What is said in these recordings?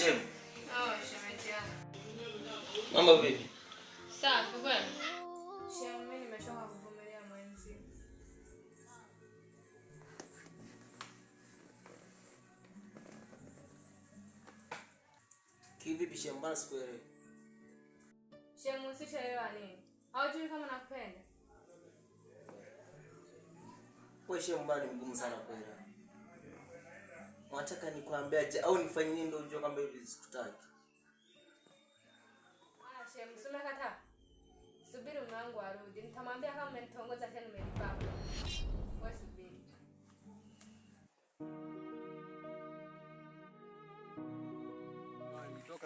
of shame. Oh, shemetiana. Mambo vipi? Safi bwana. Shame nimechoka kuvumilia mwenzi. Kivipi shame bwana sikuelewi. Shame usishaelewa nini? Haujui kama nakupenda. Wewe shame bwana ni mgumu sana kuelewa. Unataka nikwambie je au nifanye nini ndio unjua kwamba hivi sikutaki?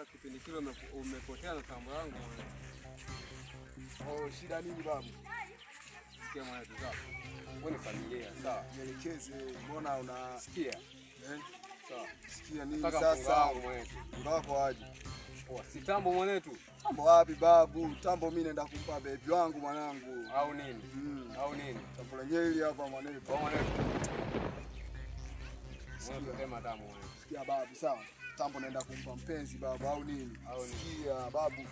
Ah, kipindi kile umepotea na tambo yangu. Oh, shida nini babu? Sikia wewe ni familia, sawa? Nielekeze, mbona Eh? unasikia nini sasa? aje? mwanetu. Tambo wapi babu? Tambo mimi naenda kumpa bebi wangu mwanangu. Au nini? Mm. Au nini? Tambo lenyewe hili hapa mwanetu. mwanetu. mwanetu. Sikia babu, sawa. Tambo naenda kumpa mpenzi babu au nini? Au nini? Sikia babu.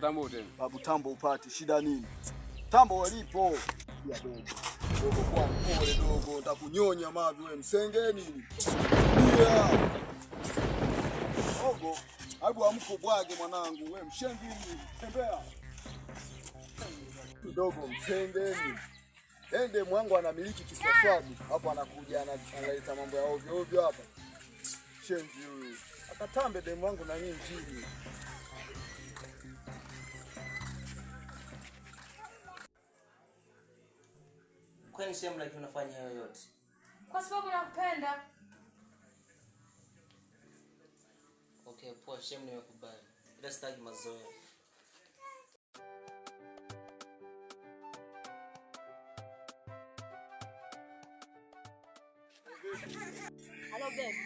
tambo tena. Babu tambo upati shida nini? Tambo walipo. Sikia babu dogo, kwa mpole dogo, ntakunyonya mavi wewe, msenge Dogo, hebu amko bwage mwanangu, wewe mshengi Tembea dogo, msengeni ende mwangu anamiliki kisafari hapo, anakuja analeta mambo ya ovyo ovyo hapa. Shenzi huyu akatambe demu wangu na mimi mjini kwa nini sehemu lakini unafanya hayo yote? Kwa sababu nakupenda. Okay, poa, sehemu nimekubali. Ila sitaki mazoea. Hello babe.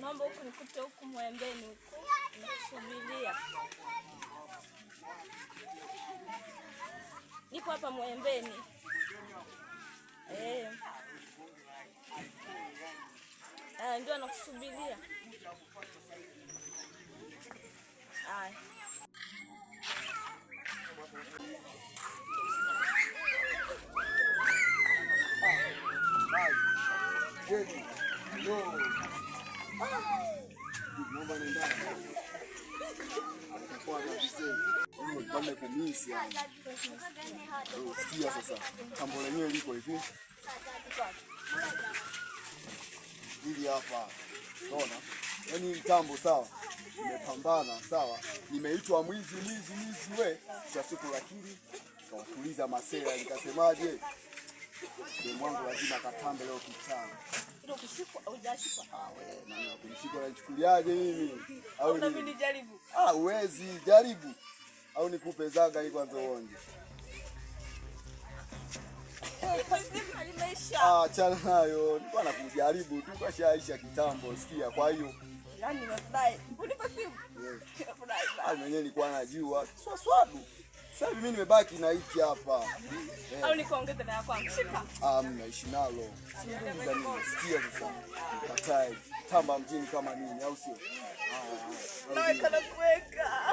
Mambo huku nikute huku mwembeni huku. Nisubiria niko hapa Mwembeni. Eh, ah, ndio anakusubiria. Haya. Sikia sasa, kambo lenyewe liko hivi hili hapa, unaona, yaani mtambo sawa, nimepambana sawa, nimeitwa mwizi mwizi mwizi we cha siku, lakini kawatuliza masela, nikasemaje mwangu lazima katambe leo kitana kunishika, naichukuliaje mimi au Uwezi jaribu au nikupe zaga hii kwanza uonje? Ah, chana nayo nilikuwa nakujaribu tu, shaisha kitambo. Sikia, kwa hiyo yaani eh. mwenyewe nilikuwa najua swaswabu. Sasa mimi nimebaki na hiki hapa, eh. Au na ah, mnaishi nalo sikia. sikia Sasa Katai. tamba mjini kama nini, au sio? Ah, ah,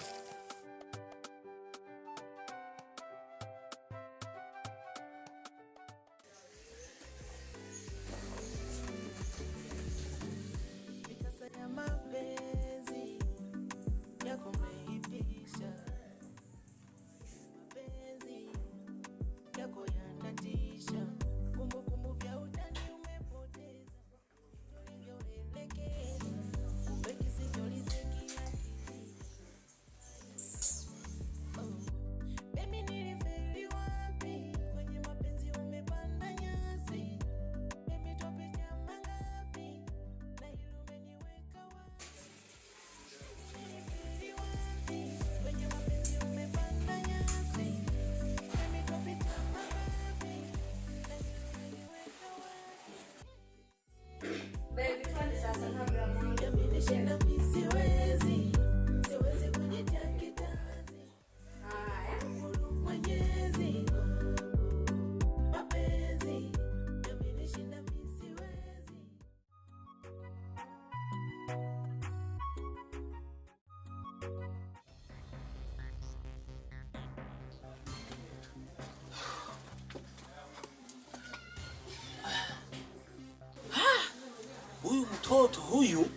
mtoto huyu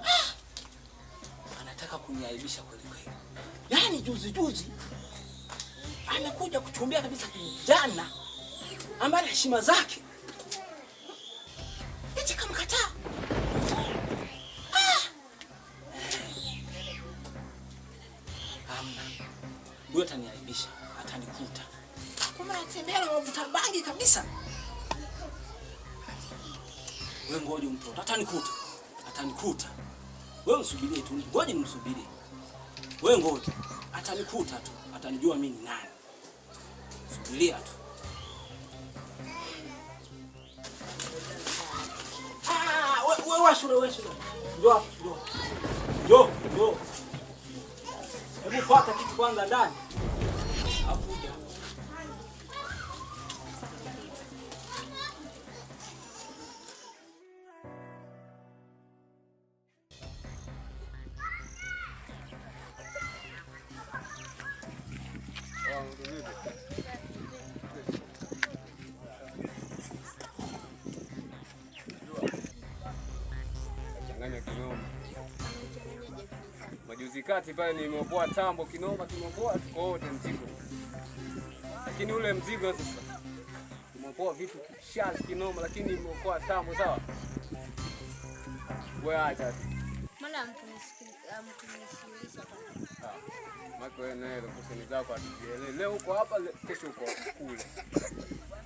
anataka kuniaibisha kweli kweli. Yaani juzi juzi amekuja kuchumbia kabisa kijana ambaye heshima zake eti kamkataa. Ah! Amna huyo, ataniaibisha, atanikuta kwamba anatembea na mavuta bangi kabisa. Wewe ngoja mtoto. Atanikuta. Atanikuta. Wewe msubirie tu. Ngoja nimsubirie. Wewe ngoja. Atanikuta tu. Atanijua mimi ni nani. Subiria tu. Ah, wewe wewe washure wewe shule. Njoo, njoo. Njoo, njoo. Hebu fuata kitu kwanza ndani. katikati pale nimeopoa tambo kinoma, tumeopoa tuko wote mzigo, lakini ule mzigo sasa tumeopoa vitu kishazi kinoma, lakini nimeopoa tambo sawa. Wewe acha mbona mtu ah, naye kusini zako atujielewe. Leo uko hapa, kesho uko kule.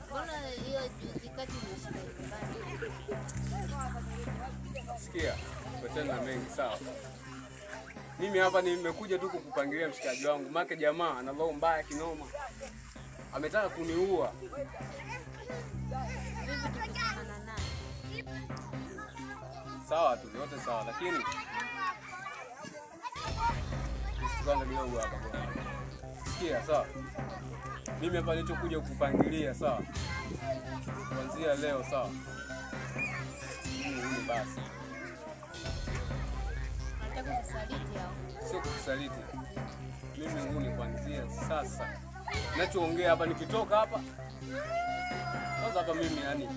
Mbona hiyo juzi kati umeshinda nyumbani? Sikia, wachana mengi sawa mimi hapa nimekuja tu kukupangilia mshikaji wangu, make jamaa ana roho mbaya kinoma, ametaka kuniua. Sawa tu yote sawa, lakini hapa sikia. Sawa, mimi hapa nilichokuja kukupangilia, sawa, kuanzia leo, sawa, basi Sio kukusaliti. Mimi ni kuanzia sasa nachoongea hapa, nikitoka hapa kwanza hapa mimi yani,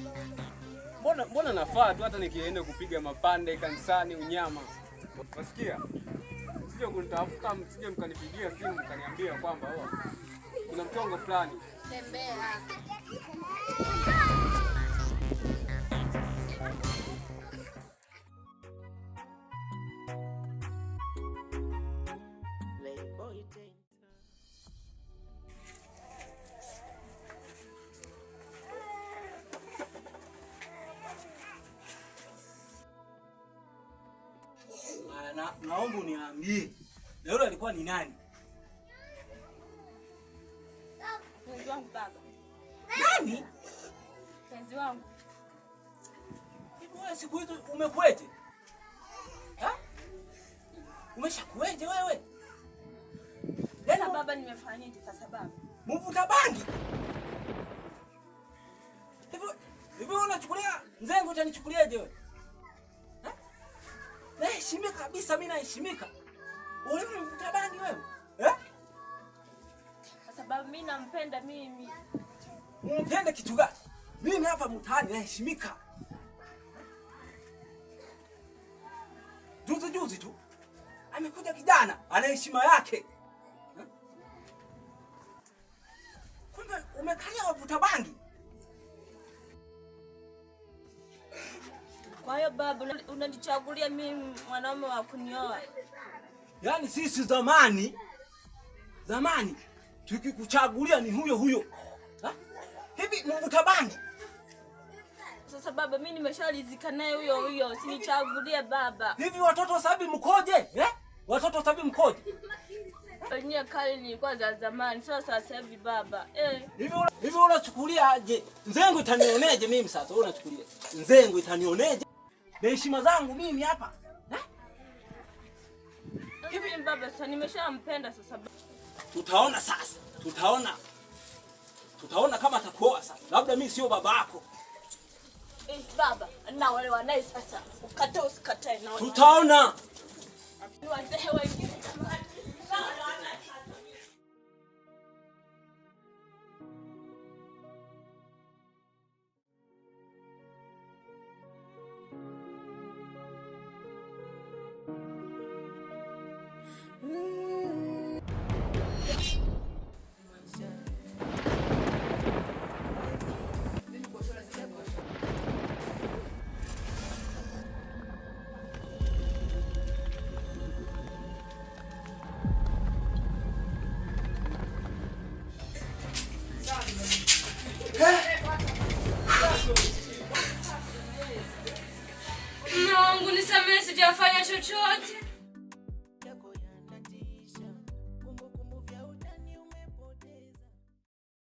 mbona mbona nafaa tu hata nikienda kupiga mapande kanisani unyama, wasikia? Sije kunitafuta msije mkanipigia simu mkaniambia kwamba oh, kuna mchongo fulani tembea na, naomba uniambie na yule alikuwa ni nani? Mpenzi wangu baba. Nani? Mpenzi wangu. Hivi wewe siku hizo Ha? wewe? Tena yaani baba, sasa baba? Mvuta bangi. Hivi hivi unachukulia mzengo utanichukuliaje wewe? naheshimika kabisa, mimi naheshimika. Ulivunivuta dani wewe eh? Kwa sababu mimi nampenda mimi. Umpenda kitu gani? Mimi hapa mtaani naheshimika. Juzi juzi tu amekuja kijana ana heshima yake Kumbe umekalia wavuta bangi Kwa hiyo babu, unanichagulia mimi mwanaume wa kunioa? Yaani sisi zamani zamani tukikuchagulia ni huyo huyo ha? Hivi mvuta bangi sasa baba, mimi nimeshalizika naye huyo huyo, sinichagulie baba. Hivi watoto sabi mkoje eh? Watoto sabi mkoje? kali ni kwa za zamani, sio sasa hivi baba eh. Hivi unachukulia aje? Nzengu itanioneje mimi sasa? unachukulia Nzengu itanioneje? na heshima zangu mimi hapa eh? hivi. Baba sasa nimeshampenda sasa, tutaona sasa, tutaona tutaona kama atakuoa sasa. Labda mimi sio baba yako eh, baba na wale wanae sasa, ukatae usikatae, na tutaona Ni wazee wengi church.